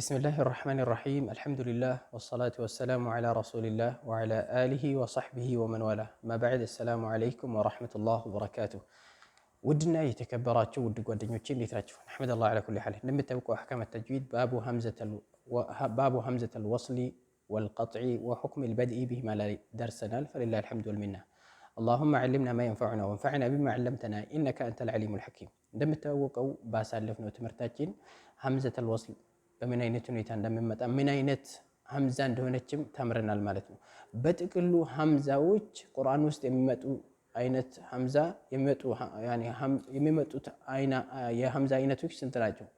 بسم الله الرحمن الرحيم الحمد لله والصلاة والسلام على رسول الله وعلى آله وصحبه ومن والاه ما بعد السلام عليكم ورحمة الله وبركاته ودنا يتكبراتشو ودك ጓደኞቼ እንዴት ናችሁ نحمد الله على كل حال እንደምታውቁ أحكام التجويد باب همزة الو... باب همزة الوصل والقطع وحكم البدء بهما لا درسنا فلله الحمد والمنه اللهم علمنا ما ينفعنا وانفعنا بما علمتنا إنك أنت العليم الحكيم እንደምታወቀው باسالفنا وتمرتاجين همزة الوصل በምን አይነት ሁኔታ እንደምንመጣ ምን አይነት ሀምዛ እንደሆነችም ተምረናል ማለት ነው። በጥቅሉ ሀምዛዎች ቁርአን ውስጥ የሚመጡ አይነት ሀምዛ የሚመጡት የሀምዛ አይነቶች ስንት ናቸው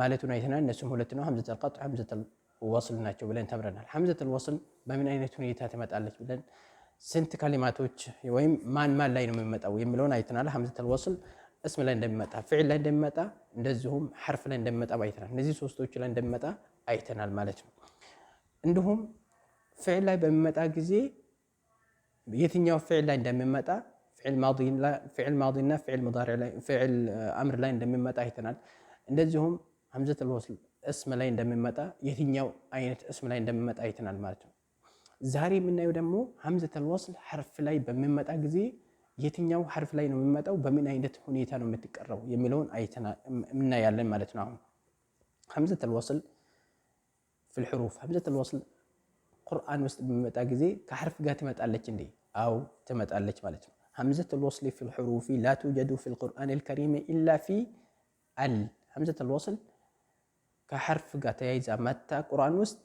ማለቱን አይተናል። እነሱም ሁለት ነው፣ ሀምዘተል ቀጥዕ፣ ሀምዘተል ወስል ናቸው ብለን ተምረናል። ሀምዘተል ወስል በምን አይነት ሁኔታ ትመጣለች ብለን ስንት ከሊማቶች ወይም ማን ማን ላይ ነው የሚመጣው የሚለውን አይተናል። ሀምዘተል ወስል እስም ላይ እንደሚመጣ ፍዕል ላይ እንደሚመጣ እንደዚሁም ሐርፍ ላይ እንደሚመጣ አይተናል። እነዚህ ሶስቶቹ ላይ እንደሚመጣ አይተናል ማለት ነው። እንዲሁም ፍዕል ላይ በሚመጣ ጊዜ የትኛው ፍዕል ላይ እንደሚመጣ ፍዕል ማዲና ፍዕል አምር ላይ እንደሚመጣ አይተናል። እንደዚሁም ሀምዘቱል ወስል እስም ላይ እንደሚመጣ የትኛው አይነት እስም ላይ እንደሚመጣ አይተናል ማለት ነው። ዛሬ የምናየው ደግሞ ሀምዘቱል ወስል ሐርፍ ላይ በሚመጣ ጊዜ የትኛው ሀርፍ ላይ ነው የሚመጣው፣ በምን አይነት ሁኔታ ነው የምትቀረው የሚለውን አይተና እናያለን ማለት ነው። አሁን ሀምዘተል ወስል ፊል ሑሩፍ ሀምዘተል ወስል ቁርአን ውስጥ በሚመጣ ጊዜ ከሐርፍ ጋር ትመጣለች እንዴ? አው ትመጣለች ማለት ነው። ሀምዘተል ወስል ፊል ሑሩፍ ላ ቱጀዱ ፊል ቁርአን አልከሪም ኢላ ፊ አል ሀምዘተል ወስል ከሐርፍ ጋር ተያይዛ መታ ቁርአን ውስጥ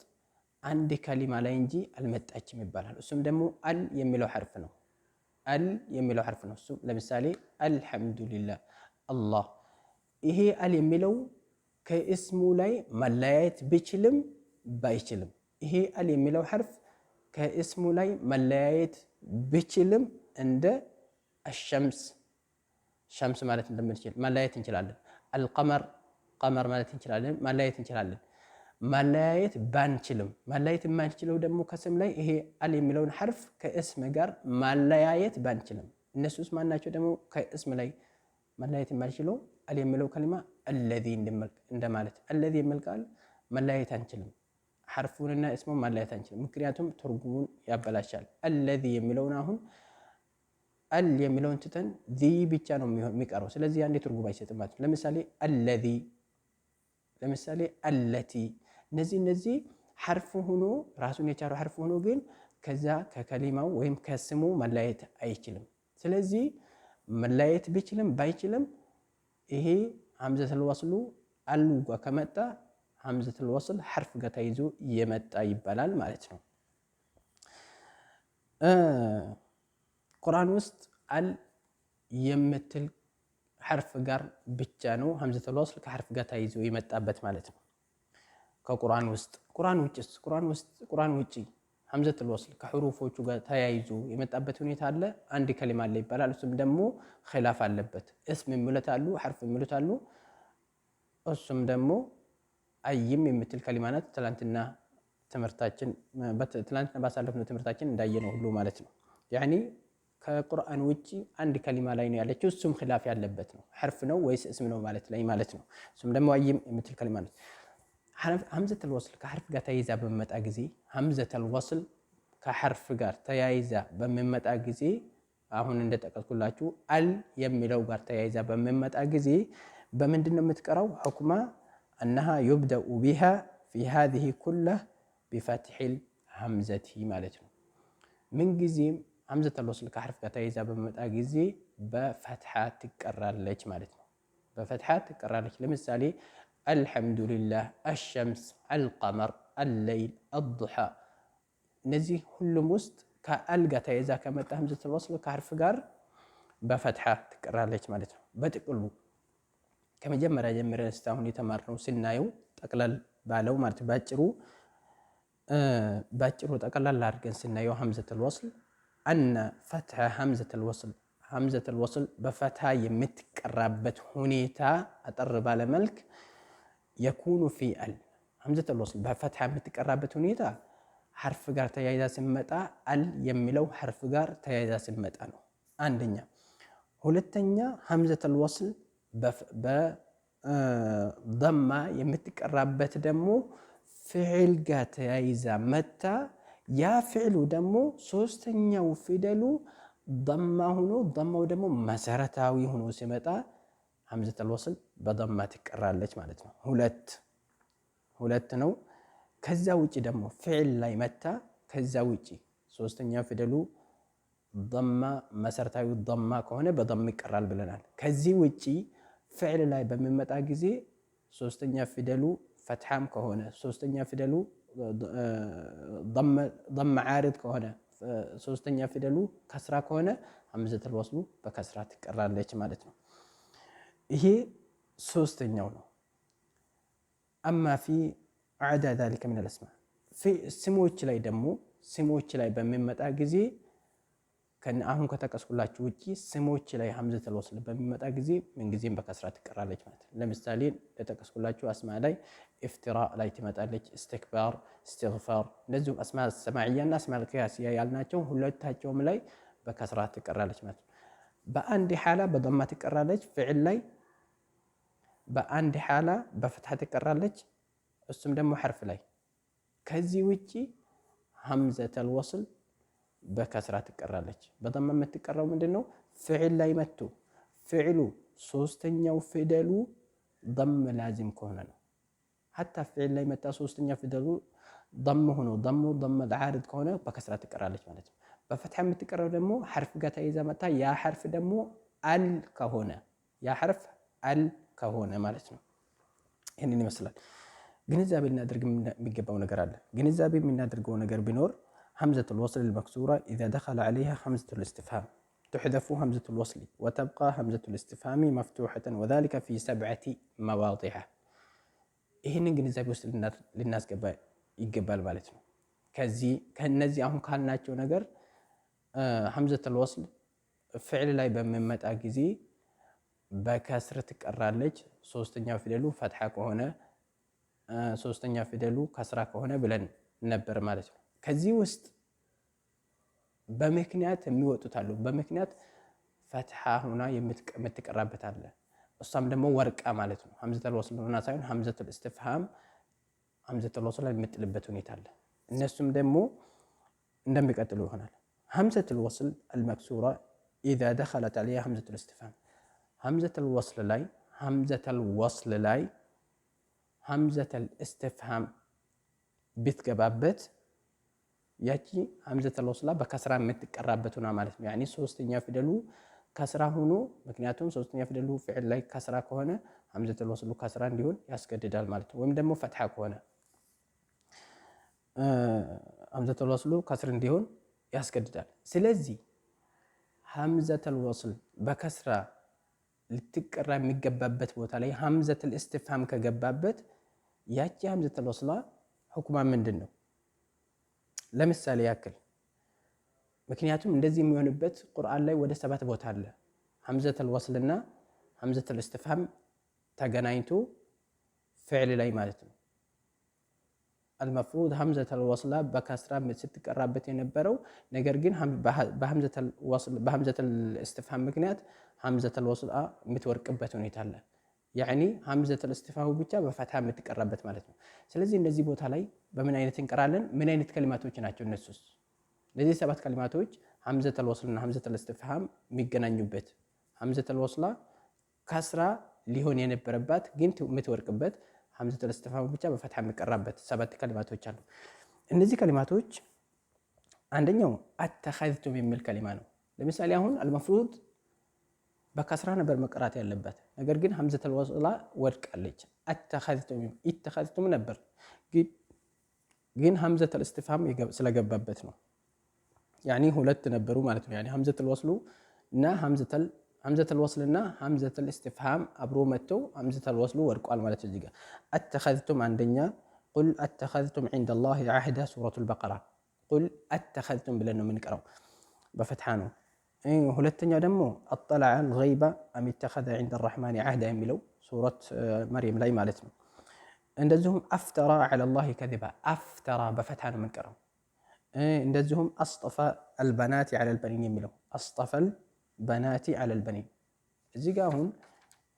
አንድ ከሊማ ላይ እንጂ አልመጣችም ይባላል። እሱም ደግሞ አል የሚለው ሐርፍ ነው። አል የሚለው ሐርፍ ነው። እሱም ለምሳሌ አልሐምዱሊላህ፣ አላህ። ይሄ አል የሚለው ከእስሙ ላይ መለያየት ቢችልም ባይችልም፣ ይሄ አል የሚለው ሐርፍ ከእስሙ ላይ መለያየት ቢችልም እንደ አሸምስ ሸምስ ማለት እንደምንችል መለያየት እንችላለን። አልቀመር ቀመር ማለት እንችላለን፣ መለያየት እንችላለን። ማለያየት ባንችልም ማለያየት የማንችለው ደግሞ ከስም ላይ ይሄ አል የሚለውን ሐርፍ ከእስም ጋር ማለያየት ባንችልም እነሱስ ማናቸው ደግሞ ከእስም ላይ ማለያየት የማንችለው አል የሚለው ከሊማ አለዚ እንደማለት አለዚ የሚል ቃል ማለያየት አንችልም። ሐርፉንና እስሙ ማለያየት አንችልም፣ ምክንያቱም ትርጉሙን ያበላሻል። አለዚ የሚለውን አሁን አል የሚለውን ትተን ዚ ብቻ ነው የሚቀረው። ስለዚህ አንዴ ትርጉም አይሰጥም ማለት ለምሳሌ አለዚ ለምሳሌ አለቲ እነዚህ እነዚህ ሐርፍ ሆኖ ራሱን የቻሉ ሐርፍ ሆኖ ግን ከዛ ከከሊማው ወይም ከስሙ መለየት አይችልም። ስለዚህ መለየት ቢችልም ባይችልም ይሄ ሐምዘተል ወስሉ አሉ ጋ ከመጣ ሐምዘተል ወስል ሐርፍ ጋ ተይዞ የመጣ ይባላል ማለት ነው። ቁርአን ውስጥ አል የምትል ሐርፍ ጋር ብቻ ነው ሐምዘተል ወስል ከሐርፍ ጋር ተይዞ የመጣበት ማለት ነው። ከቁርአን ውስጥ ቁርአን ውጭስ ቁርአን ውጪ ሐምዘቱል ወስል ከሕሩፎቹ ጋር ተያይዞ የመጣበት ሁኔታ አለ። አንድ ከሊማ አለ ይባላል። እሱም ደግሞ ኺላፍ አለበት። እስም የሚሉት አሉ፣ ሐርፍ የሚሉት አሉ። እሱም ደግሞ አይም የምትል ከሊማ ናት። ትላንትና ትምህርታችን ትላንትና ባሳለፍነው ትምህርታችን እንዳየነው ሁሉ ማለት ነው። ያኒ ከቁርአን ውጪ አንድ ከሊማ ላይ ነው ያለችው። እሱም ኺላፍ ያለበት ነው። ሐርፍ ነው ወይስ እስም ነው ማለት ላይ ማለት ነው። እሱም ደግሞ አይም የምትል ከሊማ ናት። ሐምዘተል ወስል ከሐርፍ ጋር ተያይዛ በሚመጣ ጊዜ ሐምዘተል ወስል ከሐርፍ ጋር ተያይዛ በሚመጣ ጊዜ አሁን እንደጠቀስኩላችሁ አል የሚለው ጋር ተያይዛ በሚመጣ ጊዜ በምንድን ነው የምትቀረው? ሑክማ አነሃ ዩብደኡ ቢሃ ፊ ሃዚህ ኩለህ ቢፈትሒል ሐምዘቲ ማለት ነው። ምንጊዜም ሐምዘተል ወስል ከሐርፍ ጋር ተያይዛ በሚመጣ ጊዜ በፈትሓ ትቀራለች ማለት ነው። በፈትሓ ትቀራለች። ለምሳሌ አልሐምዱሊላህ፣ አሸምስ፣ አልቀመር፣ አለይል፣ አዱሓ እነዚህ ሁሉም ውስጥ ከአል ተያይዛ ከመጣ ህምዘት ወስል ከሐርፍ ጋር በፈትሓ ትቀራለች ማለት ነው። በጥቅሉ ከመጀመሪያ ጀምረን እስካሁን የተማርነው ስናየው ጠቅላል ባለው ማለት ባጭሩ ባጭሩ ጠቅላል አድርገን ስናየው ሐምዘተል ወስል አነ ፈትሐ ሐምዘተል ወስል ሐምዘተል ወስል በፈትሐ የምትቀራበት ሁኔታ አጠር ባለ መልክ የኩኑ ፊ አል ሐምዘተል ወስል በፈትሐ የምትቀራበት ሁኔታ ሐርፍ ጋር ተያይዛ ስመጣ አል የሚለው ሐርፍ ጋር ተያይዛ ስመጣ ነው። አንደኛ። ሁለተኛ ሐምዘተል ወስል በደማ የምትቀራበት ደግሞ ፍዕል ጋር ተያይዛ መታ። ያ ፍዕሉ ደግሞ ሶስተኛው ፊደሉ ደማ ሆኖ ደማው ደግሞ መሰረታዊ ሆኖ ሲመጣ ሐምዘተል ወስል በማ ትቀራለች ማለት ነው። ሁለት ሁለት ነው። ከዛ ውጭ ደግሞ ፊዕል ላይ መታ። ከዛ ውጭ ሶስተኛ ፊደሉ ማ መሰረታዊ ማ ከሆነ በም ይቀራል ብለናል። ከዚህ ውጭ ፊዕል ላይ በሚመጣ ጊዜ ሶስተኛ ፊደሉ ፈትሐም ከሆነ ሶስተኛ ፊደሉ ضم ዓርድ ከሆነ ሶስተኛ ፊደሉ ከስራ ከሆነ ሐምዘተል ወስሉ በከስራ ትቀራለች ማለት ነው። ይሄ ሶስተኛው ነው። አማ ፊ አዕዳ ዛሊከ ምን አስማ ስሞች ላይ ደግሞ ስሞች ላይ በሚመጣ ጊዜ አሁን ከጠቀስኩላችሁ ውጭ ስሞች ላይ ሀምዘተል ወስል በሚመጣ ጊዜ ምንጊዜም በከስራ ትቀራለች ማለት ነው። ለምሳሌ ለጠቀስኩላችሁ አስማ ላይ ኢፍትራ ላይ ትመጣለች፣ እስትክባር፣ እስትግፋር እንደዚሁም አስማ ሰማዕያና አስማ ልቅያስያ ያልናቸው ሁለታቸውም ላይ በከስራ ትቀራለች ማለት ነው። በአንድ ሓላ በዶማ ትቀራለች፣ ፍዕል ላይ በአንድ ሓላ በፍትሐ ትቀራለች። እሱም ደግሞ ሐርፍ ላይ። ከዚህ ውጪ ሐምዘተል ወስል በከስራ ትቀራለች። በጣም የምትቀራው ነው? ፍዕል ላይ መጥቶ ፍዕሉ ሶስተኛው ፊደሉ ደም ላዚም ከሆነ ነው። ሐታ ፍዕል ላይ መጣ ሶስተኛ ፊደሉ ደም ሆኖ ደሙ ደም ዓርድ ከሆነ በከስራ ትቀራለች ማለት ነው። በፈትሐ የምትቀራው ደግሞ ሐርፍ ጋር ተይዛ መጣ። ያ ሐርፍ ደግሞ አል ከሆነ ያ ሐርፍ አል ከሆነ ማለት ነው። ይህንን ይመስላል። ግንዛቤ ልናደርግ የሚገባው ነገር አለ። ግንዛቤ የምናደርገው ነገር ቢኖር ሐምዘቱል ወስል ልመክሱራ ኢዛ ደኸለ ዓለይሃ ሐምዘቱል እስትፍሃም ትሕደፉ ሐምዘቱል ወስሊ ወተብቃ ሐምዘቱል እስትፍሃሚ መፍቱሐተን ወዛሊከ ፊ ሰብዐቲ መዋጢሐ። ይህንን ግንዛቤ ውስጥ ልናስገባ ይገባል ማለት ነው። ከዚህ ከእነዚህ አሁን ካልናቸው ነገር ሐምዘቱል ወስል ፍዕል ላይ በምንመጣ ጊዜ በከስር ትቀራለች። ሶስተኛው ፊደሉ ፈትሓ ከሆነ ሶስተኛ ፊደሉ ከስራ ከሆነ ብለን ነበር ማለት ነው። ከዚህ ውስጥ በምክንያት የሚወጡት አሉ። በምክንያት ፈትሓ ሆና የምትቀራበት አለ። እሷም ደግሞ ወርቃ ማለት ነው። ሀምዘተል ወስል ሆና ሳይሆን ሀምዘተል እስትፍሃም ሀምዘተል ወስል የምጥልበት ሁኔታ አለ። እነሱም ደግሞ እንደሚቀጥሉ ይሆናል። ሀምዘተል ወስል አልመክሱራ ኢዛ ደኸለት አለያ ሀምዘተል እስትፍሃም ሐምዘተል ወስል ላይ ሐምዘተል ወስል ላይ ሐምዘተል እስትፍሃም ብትገባበት ያቺ ሐምዘተል ወስላ በከስራ የምትቀራበት ሆና ማለት ነው። ያኒ ሶስተኛ ፊደሉ ከስራ ሆኖ ምክንያቱም ሶስተኛ ፊደሉ ፊዕል ላይ ከስራ ከሆነ ሐምዘተል ወስሉ ከስራ እንዲሆን ያስገድዳል ማለት ነው። ወይም ደግሞ ፈትሐ ከሆነ ሐምዘተል ወስሉ ከስር እንዲሆን ያስገድዳል። ስለዚህ ሐምዘተል ወስል በከስራ ልትቀራ የሚገባበት ቦታ ላይ ሀምዘት እስትፍሃም ከገባበት ያቺ ሀምዘት ወስላ ሁክማ ምንድን ነው? ለምሳሌ ያክል ምክንያቱም እንደዚህ የሚሆንበት ቁርአን ላይ ወደ ሰባት ቦታ አለ። ሀምዘት ልወስልና ሀምዘት እስትፍሃም ተገናኝቶ ፍዕል ላይ ማለት ነው። አልመፍሩድ ሀምዘተል ወስላ በከስራ ስትቀራበት የነበረው ነገር ግን በሀምዘተል እስትፍሃም ምክንያት ሀምዘተል ወስላ የምትወርቅበት ሁኔታ አለ። ያኒ ሀምዘተል እስትፍሃሙ ብቻ በፈትሃ የምትቀራበት ማለት ነው። ስለዚህ እነዚህ ቦታ ላይ በምን አይነት እንቀራለን? ምን አይነት ከሊማቶች ናቸው እነሱስ? እነዚህ ሰባት ከሊማቶች ሀምዘተል ወስልና ሀምዘተል እስትፍሃም የሚገናኙበት ሀምዘተል ወስላ ከስራ ሊሆን የነበረባት ግን የምትወርቅበት ሀምዘቱል ኢስቲፍሃም ብቻ በፈትሐ የሚቀራበት ሰባት ከሊማቶች አሉ። እነዚህ ከሊማቶች አንደኛው አተኸዝቱም የሚል ከሊማ ነው። ለምሳሌ አሁን አልመፍሩድ በከስራ ነበር መቅራት ያለበት፣ ነገር ግን ሀምዘቱል ወስላ ወድቃለች። አተኸዝቱም ኢተኸዝቱም ነበር ግን ሀምዘቱል ኢስቲፍሃም ስለገባበት ነው። ያኒ ሁለት ነበሩ ማለት ነው። ያኒ ሀምዘቱል ወስሉ እና ሀምዘቱል همزة الوصل لنا همزة الاستفهام أبرومتو همزة الوصل ورقوا مالت الزيقة أتخذتم عن دنيا قل أتخذتم عند الله عهدا سورة البقرة قل أتخذتم بلنه منك أرو بفتحانه إن هو لتنيا دمو أطلع الغيبة أم اتخذ عند الرحمن عهدا ملو سورة مريم لا يمالتم اندزهم أفترى على الله كذبا أفترى بفتحانه منك أرو اندزهم أصطفى البنات على البنين ملو أصطفى በናቲ አለል በኒን እዚህ ጋር አሁን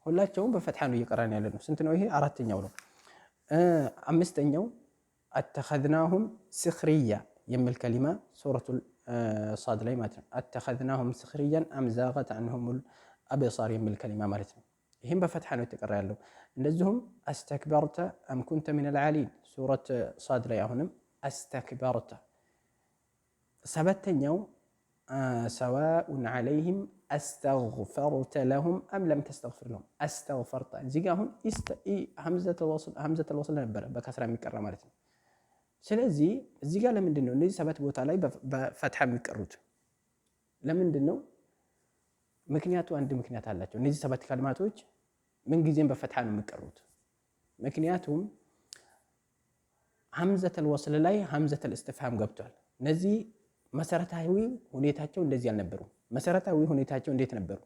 ሁላቸውም በፈትሐ ነው እየቀራን ያለ ነው። ስንት ነው ይሄ? አራተኛው ነው። አምስተኛው አተኸዝናሁም ስኽርያ የሚል ከሊማ ሱረቱል ሳድ ላይ ማለት ነው። አተኸዝናሁም ስኽርያን አምዛቀት አንሁሙል አብሳር የሚል ከሊማ ማለት ነው። ይህም በፈትሐ ነው የተቀራ ያለው። እንደዚሁም አስተክበርተ አም ኩንተ ሚነል ዓሊን ሱረት ሳድ ላይ አሁንም አስተክበርተ ሰባተኛው ሰዋኡን ዓለይህም አስተግፈርተ ለሁም አም ለም ተስተግፍር ለሁም። አስተግፈርተ እዚህ ጋ አሁን ሀምዘተል ወስል ነበረ በከስራ የሚቀራ ማለት ነው። ስለዚህ እዚህ ጋ ለምንድን ነው እነዚህ ሰባት ቦታ ላይ በፈትሐ የሚቀሩት ለምንድን ነው? ምክንያቱ አንድ ምክንያት አላቸው። እነዚህ ሰባት ከልማቶች ምንጊዜም በፈትሐ ነው የሚቀሩት። ምክንያቱም ሀምዘተል ወስል ላይ ሀምዘተል እስትፍሃም ገብቷል። እነዚህ መሰረታዊ ሁኔታቸው እንደዚህ አልነበሩ። መሰረታዊ ሁኔታቸው እንዴት ነበሩ?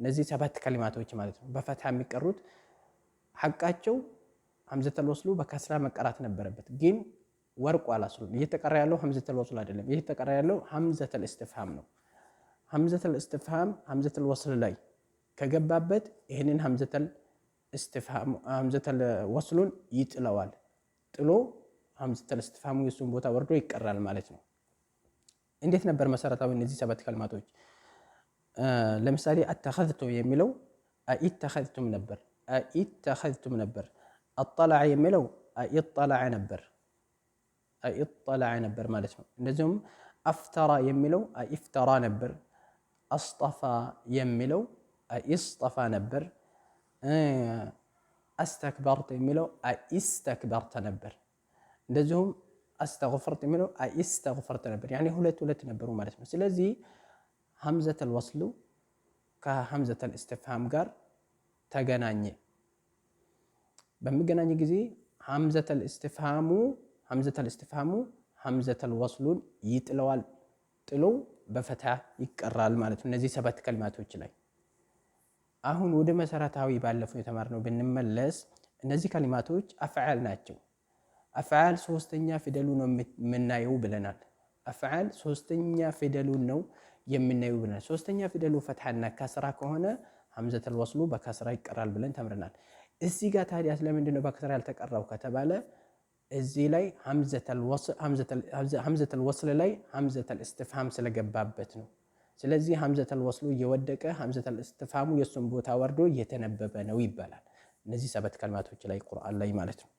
እነዚህ ሰባት ከሊማቶች ማለት ነው። በፈትሐ የሚቀሩት ሐቃቸው ሐምዘተል ወስሉ በከስራ መቀራት ነበረበት፣ ግን ወርቁ አላስሉም። እየተቀራ ያለው ሐምዘተል ወስሉ አይደለም። እየተቀራ ያለው ሐምዘተል እስትፍሃም ነው። ሐምዘተል እስትፍሃም ሐምዘተል ወስል ላይ ከገባበት ይህንን ሐምዘተል እስትፍሃም ሐምዘተል ወስሉን ይጥለዋል። ጥሎ ሐምዘተል እስትፍሃሙ የሱን ቦታ ወርዶ ይቀራል ማለት ነው። እንዴት ነበር መሰረታዊ እነዚህ ሰባት ከልማቶች? ለምሳሌ አተኸዝቱ የሚለው አኢተኸዝቱም ነበር፣ አኢተኸዝቱም ነበር። አጠላዐ የሚለው አኢጠላዐ ነበር፣ አኢጠላዐ ነበር ማለት ነው። እንደዚሁም አፍተራ የሚለው አኢፍተራ ነበር። አስጠፋ የሚለው አኢስጠፋ ነበር። አስተክበርት የሚለው አኢስተክበርተ ነበር። እንደዚሁም አስተግፈርት የሚለው ኢስተግፈርት ነበር። ያኔ ሁለት ሁለት ነበሩ ማለት ነው። ስለዚህ ሐምዘተል ወስሉ ከሐምዘተል እስትፍሃም ጋር ተገናኘ። በሚገናኝ ጊዜ ሐምዘተል እስትፍሃሙ ሐምዘተል እስትፍሃሙ ሐምዘተል ወስሉን ይጥለዋል። ጥሎ በፈታ ይቀራል ማለት ነው። እነዚህ ሰባት ከልማቶች ላይ አሁን ወደ መሰረታዊ ባለፈው የተማርነው ብንመለስ እነዚህ ከልማቶች አፍዓል ናቸው። አፍዓል ሶስተኛ ፊደሉ ነው የምናየው ብለናል። አፍዓል ሶስተኛ ፊደሉን ነው የምናየው ብለናል። ሶስተኛ ፊደሉ ፈትሐና ከስራ ከሆነ ሐምዘተል ወስሉ በከስራ ይቀራል ብለን ተምረናል። እዚህ ጋር ታዲያ ስለምንድን ነው በከስራ ያልተቀራው ከተባለ እዚህ ላይ ሐምዘተል ወስል ላይ ሐምዘተል እስትፍሃም ስለገባበት ነው። ስለዚህ ሐምዘተል ወስሉ እየወደቀ ሐምዘተል እስትፍሃሙ የእሱን ቦታ ወርዶ እየተነበበ ነው ይባላል። እነዚህ ሰበት ከልማቶች ላይ ቁርአን ላይ ማለት ነው።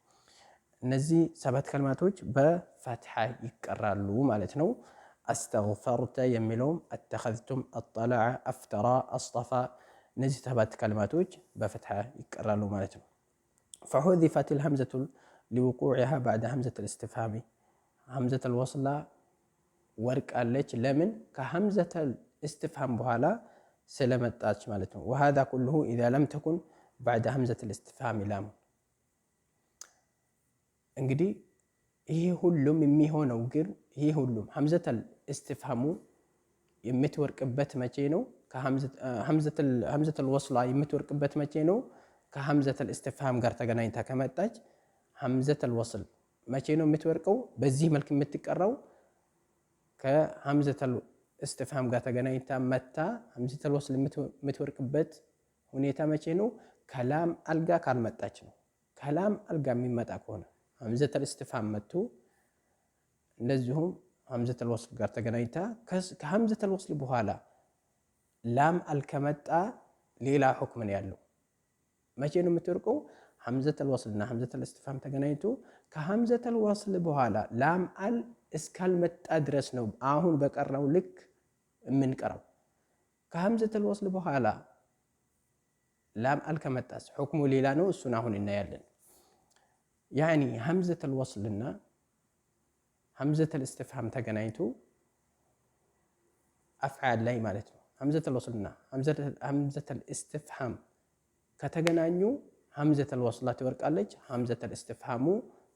እነዚህ ሰባት ከልማቶች በፈትሐ ይቀራሉ ማለት ነው። አስተግፈርተ የሚለውም አተኸዝቱም፣ አጠለዐ፣ አፍተራ፣ አስጠፋ እነዚህ ሰባት ከልማቶች በፈትሐ ይቀራሉ ማለት ነው። ፈሑዚፈት ልሀምዘቱ ሊውቁዕሃ ባዕደ ሀምዘት ልእስትፍሃሚ ሀምዘት ልወስላ ወርቃለች። ለምን ከሀምዘተ ልእስትፍሃም በኋላ ስለመጣች ማለት ነው። ወሃዛ ኩልሁ ኢዛ ለም ተኩን ባዕደ ሀምዘት ልእስትፍሃሚ ላም እንግዲህ ይሄ ሁሉም የሚሆነው ግን ይሄ ሁሉም ሀምዘተል እስትፍሃሙ የምትወርቅበት መቼ ነው? ሀምዘተል ወስላ የምትወርቅበት መቼ ነው? ከሀምዘተል እስትፍሃም ጋር ተገናኝታ ከመጣች ሀምዘተል ወስል መቼ ነው የምትወርቀው? በዚህ መልክ የምትቀራው ከሀምዘተል እስትፍሃም ጋር ተገናኝታ መታ ሀምዘተል ወስል የምትወርቅበት ሁኔታ መቼ ነው? ከላም አልጋ ካልመጣች ነው። ከላም አልጋ የሚመጣ ከሆነ ሀምዘተል እስቲፋም መጥቶ እንደዚሁም ሀምዘተል ወስል ጋር ተገናኝታ ከሀምዘተል ወስል በኋላ ላም አልከመጣ ሌላ ሁክም ነው ያለው። መቼ ነው የምትወርቀው? ሀምዘተል ወስልና ሀምዘተል እስቲፋም ተገናኝቶ ከሀምዘተል ወስል በኋላ ላም አል እስካልመጣ ድረስ ነው አሁን በቀረው ልክ የምንቀረው። ከሀምዘተል ወስል በኋላ ላም አልከመጣስ ሁክሙ ሌላ ነው። እሱን አሁን እናያለን። ያኒ ሀምዘተል ወስልና ሀምዘተል እስትፍሃም ተገናኝቶ አፍዓል ላይ ማለት ነው። ሀምዘተል ወስልና ሀምዘተል እስትፍሃም ከተገናኙ ሀምዘተል ወስላ ትወርቃለች፣ ሀምዘተል እስትፍሃሙ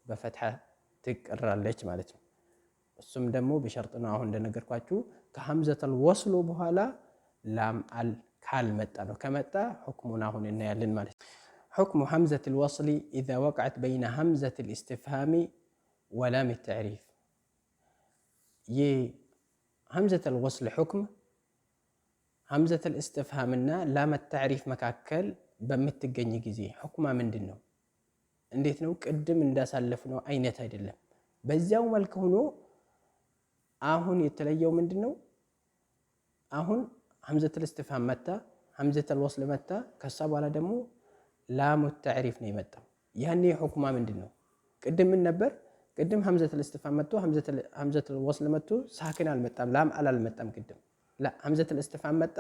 በፈትሐ ትቀራለች ማለት ነው። እሱም ደግሞ በሸርጥ ነው። አሁን እንደነገርኳችሁ ከሀምዘተል ወስሉ በኋላ ላም አል ካልመጣ ነው። ከመጣ ሁክሙን አሁን እናያለን ማለት ነው። حكم همزة الوصل إذا وقعت بين همزة الاستفهام ولام التعريف ي همزة الوصل حكم همزة الاستفهام النا لام التعريف مكاكل بمتقني جزي حكمه من دنو انديت نو قدم اندا سالفنو اينت አይደለም በዚያው መልክ ሆኖ አሁን من دنو አሁን همزة الاستفهام متى همزة الوصل متى ከሳ ولا دمو ላሙ ተዕሪፍ ነው የመጣው። ያኔ ሁክማ ምንድን ነው? ቅድም ምን ነበር? ቅድም ሀምዘተል እስትፋም መጥቶ ሀምዘተል ወስል መጥቶ ሳክን አልመጣም፣ ላም አላልመጣም። ቅድም ሀምዘተል እስትፋም መጣ፣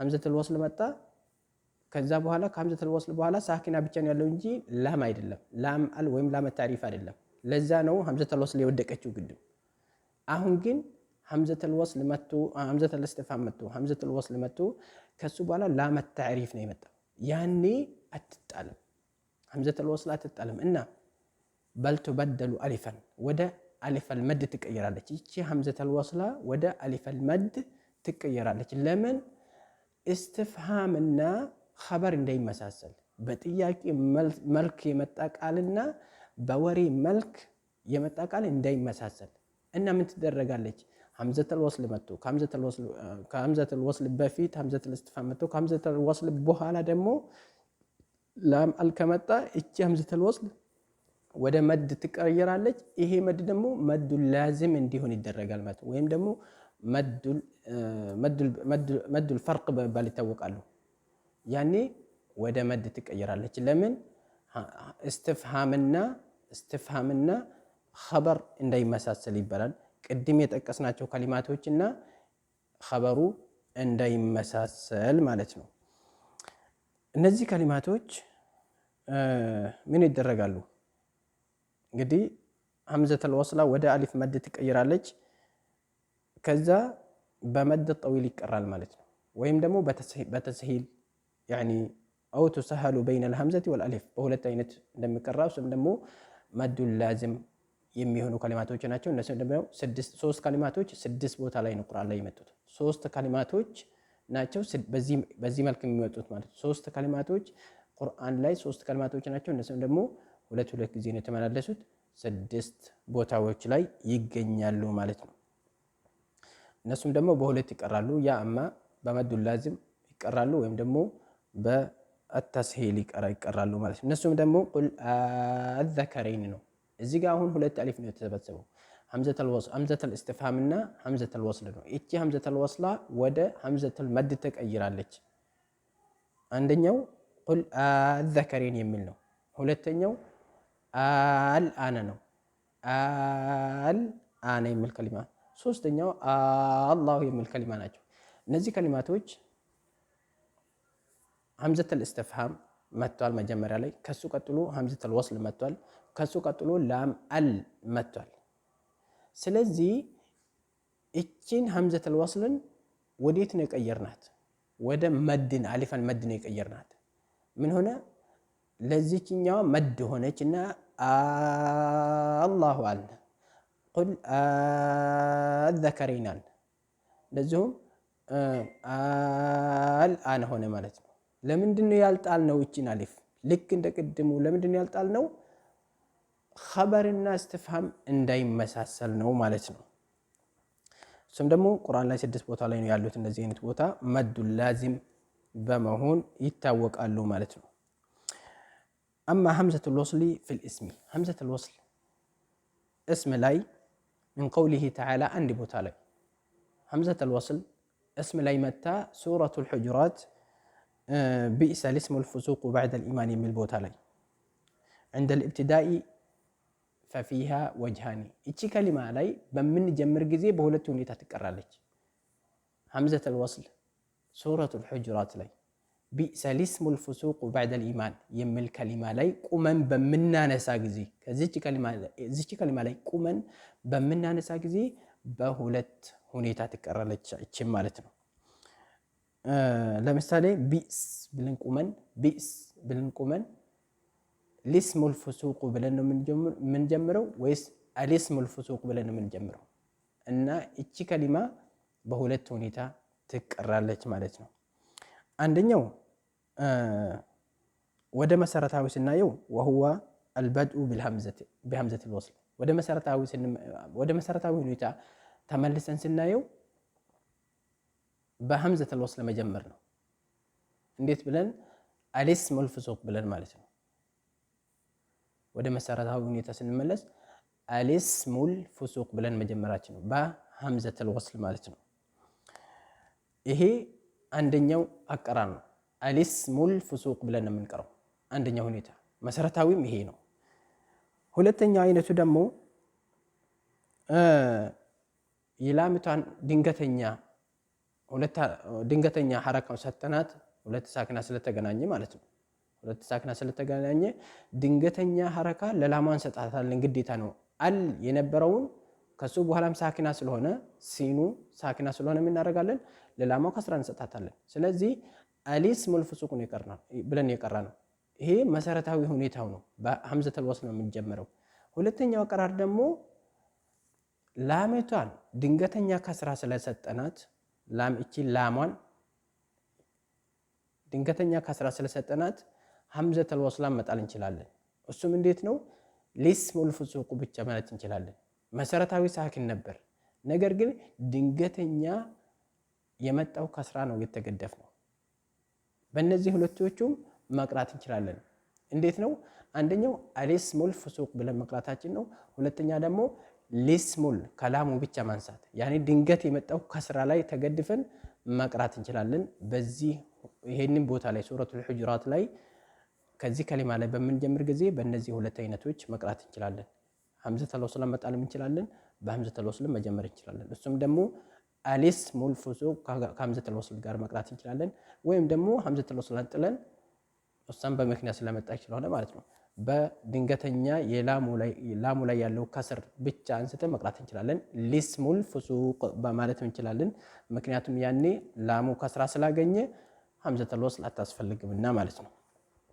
ሀምዘተል ወስል መጣ። ከዛ በኋላ ከሀምዘተል ወስል በኋላ ሳኪና ብቻ ነው ያለው እንጂ ላም አይደለም። ላም አል ወይም ላም ታሪፍ አይደለም። ለዛ ነው ሀምዘተል ወስል የወደቀችው ቅድም። አሁን ግን ሀምዘተል ወስል መጥቶ ሀምዘተል እስትፋም መጥቶ ሀምዘተል ወስል መጥቶ ከሱ በኋላ ላም ታሪፍ ነው የመጣው ያኔ አትጣልም። ሐምዘተል ወስል አትጣልም እና በልቱበደሉ አሊፈን ወደ አሊፈል መድ ትቀየራለች። ይቺ ሐምዘተል ወስላ ወደ አሊፈል መድ ትቀየራለች። ለምን እስትፍሃምና ኸበር እንዳይመሳሰል በጥያቄ መልክ የመጣ ቃልና በወሬ መልክ የመጣ ቃል እንዳይመሳሰል እና ምን ትደረጋለች? ሐምዘተል ወስል መጥቶ ከሐምዘተል ወስል በፊት ሐምዘተል እስትፍሃም መጥቶ ከሐምዘተል ወስል በኋላ ደግሞ ላም አልከመጣ እቺ ሀምዘተል ወስል ወደ መድ ትቀየራለች። ይሄ መድ ደግሞ መዱል ላዝም እንዲሆን ይደረጋል ማለት ወይም ደግሞ መዱል ፈርቅ በመባል ይታወቃሉ። ያኔ ወደ መድ ትቀየራለች። ለምን እስትፍሃምና እስትፍሃምና ኸበር እንዳይመሳሰል ይባላል። ቅድም የጠቀስናቸው ና ኸበሩ እንዳይመሳሰል ማለት ነው። እነዚህ ከሊማቶች ምን ይደረጋሉ? እንግዲህ ሀምዘተል ወስላ ወደ አሊፍ መድ ትቀይራለች። ከዛ በመድ ጠዊል ይቀራል ማለት ነው። ወይም ደግሞ በተስሂል ያኒ አው ቱሰሀሉ በይን ልሀምዘቲ ወልአሊፍ በሁለት አይነት እንደሚቀራ ስም ደግሞ መዱ ላዝም የሚሆኑ ከሊማቶች ናቸው። እነሱ ደግሞ ሶስት ከሊማቶች ስድስት ቦታ ላይ ነው ቁርአን ላይ የመጡት ሶስት ከሊማቶች ናቸው። በዚህ መልክ የሚመጡት ማለት ሶስት ከልማቶች ቁርአን ላይ ሶስት ከልማቶች ናቸው። እነሱም ደግሞ ሁለት ሁለት ጊዜ ነው የተመላለሱት። ስድስት ቦታዎች ላይ ይገኛሉ ማለት ነው። እነሱም ደግሞ በሁለት ይቀራሉ። ያ እማ በመዱላዝም ይቀራሉ ወይም ደግሞ በአተስሄል ይቀራሉ ማለት ነው። እነሱም ደግሞ ቁል አዘከረይን ነው። እዚህ ጋር አሁን ሁለት አሊፍ ነው የተሰበሰበው ሐምዘተል ወስል ሐምዘተል ወስል ነው። እቺ ሐምዘተል ወስላ ወደ ሐምዘተል መድ ተቀይራለች። አንደኛው ቁል አዘከሬን የሚል ነው። ሁለተኛው አልአነ ነው። አልአነ የሚል ከሊማ ሶስተኛው አላሁ የሚል ከሊማ ናቸው። እነዚህ ከሊማቶች ሐምዘተል ኢስቲፍሃም መጥቷል መጀመሪያ ላይ። ከሱ ቀጥሎ ሐምዘተል ወስል መጥቷል። ከሱ ቀጥሎ ላም አል መጥቷል። ስለዚህ እቺን ሀምዘተል ወስልን ወዴት ነው የቀየርናት? ወደ መድን አሊፋን መድ ነው የቀየርናት። ምን ሆነ? ለዚችኛዋ መድ ሆነች እና አላሁ አለ ቁል አዘከረይናል እንደዚሁም አልአነ ሆነ ማለት ነው። ለምንድን ነው ያልጣል ነው እቺን አሊፍ ልክ እንደ ቅድሙ ለምንድን ነው ያልጣል ነው ኸበርና እስትፍሃም እንዳይመሳሰል ነው ማለት ነው። እሱም ደግሞ ቁርአን ላይ ስድስት ቦታ ላይ ነው ያሉት። እነዚህ አይነት ቦታ መዱ ላዚም በመሆን ይታወቃሉ ማለት ነው። አማ ሀምዘቱል ወስሊ ፊል እስሚ ሀምዘቱል ወስል እስም ላይ ምን ቀውሊሂ ተዓላ አንድ ቦታ ላይ ሀምዘቱል ወስል እስም ላይ መታ ሱረቱል ሑጁራት ቢእሰ ልስሙል ፉሱቁ ባዕደል ኢማን የሚል ቦታ ላይ ዐንደል ኢብትዳኢ ፈፊሃ ወጅሃኒ እቺ ከሊማ ላይ በምንጀምር ጊዜ በሁለት ሁኔታ ትቀራለች። ሐምዘተል ወስል ሱረቱል ሑጁራት ላይ ቢሰሊስሙል ፍሱቁ ባዕደል ኢማን የሚል ከሊማ ላይ ቁመን በምናነሳ ጊዜ ከዚች ከሊማ ላይ ቁመን በምናነሳ ጊዜ በሁለት ሁኔታ ትቀራለች። እችም ማለት ነው። ለምሳሌ ቢስ ብልን ቁመን ቢስ ብልን ቁመን ሊስሙል ፉሱቁ ብለን ነው የምንጀምረው ወይስ አሊስሙል ፉሱቁ ብለን ነው የምንጀምረው? እና እቺ ከሊማ በሁለት ሁኔታ ትቀራለች ማለት ነው። አንደኛው ወደ መሰረታዊ ስናየው ወህዋ አልበድኡ ቢሀምዘት ልወስል ወደ መሰረታዊ ሁኔታ ተመልሰን ስናየው በሀምዘት ልወስል መጀመር ነው። እንዴት ብለን አሊስሙል ፉሱቅ ብለን ማለት ነው። ወደ መሰረታዊ ሁኔታ ስንመለስ ሙል ፉሱቅ ብለን መጀመራችን ነው። በሐምዘተል ወስል ማለት ነው። ይሄ አንደኛው አቀራር ነው። አሊስ ሙል ፉሱቅ ብለን የምንቀረው አንደኛው ሁኔታ መሰረታዊም ይሄ ነው። ሁለተኛው አይነቱ ደግሞ የላምቷን ድንገተኛ ድንገተኛ ሐረካው ሰጠናት ሁለት ሳክና ስለተገናኘ ማለት ነው። ሁለት ሳክና ስለተገናኘ ድንገተኛ ሐረካ ለላማ እንሰጣታለን ግዴታ ነው። አል የነበረውን ከሱ በኋላም ሳኪና ስለሆነ ሲኑ ሳኪና ስለሆነ የምናደርጋለን ለላማው ከስራ እንሰጣታለን። ስለዚህ አሊስ ሙልፍሱቁን ብለን የቀራ ነው። ይሄ መሰረታዊ ሁኔታው ነው። በሐምዘተል ወስል ነው የምንጀምረው። ሁለተኛው አቀራር ደግሞ ላሜቷን ድንገተኛ ከስራ ስለሰጠናት ላም እቺ ላሟን ድንገተኛ ከስራ ስለሰጠናት ሀምዘተል ወስላም መጣል እንችላለን። እሱም እንዴት ነው? ሊስሙል ፍሱቁ ብቻ ማለት እንችላለን። መሰረታዊ ሳኪን ነበር፣ ነገር ግን ድንገተኛ የመጣው ከስራ ነው የተገደፍ ነው። በእነዚህ ሁለቶቹም መቅራት እንችላለን። እንዴት ነው? አንደኛው አሊስሙል ፍሱቅ ብለን መቅራታችን ነው። ሁለተኛ ደግሞ ሊስሙል ከላሙ ብቻ ማንሳት፣ ያኔ ድንገት የመጣው ከስራ ላይ ተገድፈን መቅራት እንችላለን። በዚህ ይሄንን ቦታ ላይ ሱረቱል ሁጅራት ላይ ከዚህ ከሊማ ላይ በምንጀምር ጊዜ በእነዚህ ሁለት አይነቶች መቅራት እንችላለን። ሀምዘተል ወስል መጣልም እንችላለን። በሀምዘተል ወስል መጀመር እንችላለን። እሱም ደግሞ አሊስ ሙል ፍሱቅ ከሀምዘተል ወስል ጋር መቅራት እንችላለን። ወይም ደግሞ ሀምዘተል ወስል ጥለን እሷም በምክንያት ስለመጣች ስለሆነ ማለት ነው በድንገተኛ የላሙ ላይ ያለው ከስር ብቻ አንስተን መቅራት እንችላለን። ሊስሙል ፍሱቅ በማለትም እንችላለን። ምክንያቱም ያኔ ላሙ ከስራ ስላገኘ ሀምዘተል ወስል አታስፈልግምና ማለት ነው።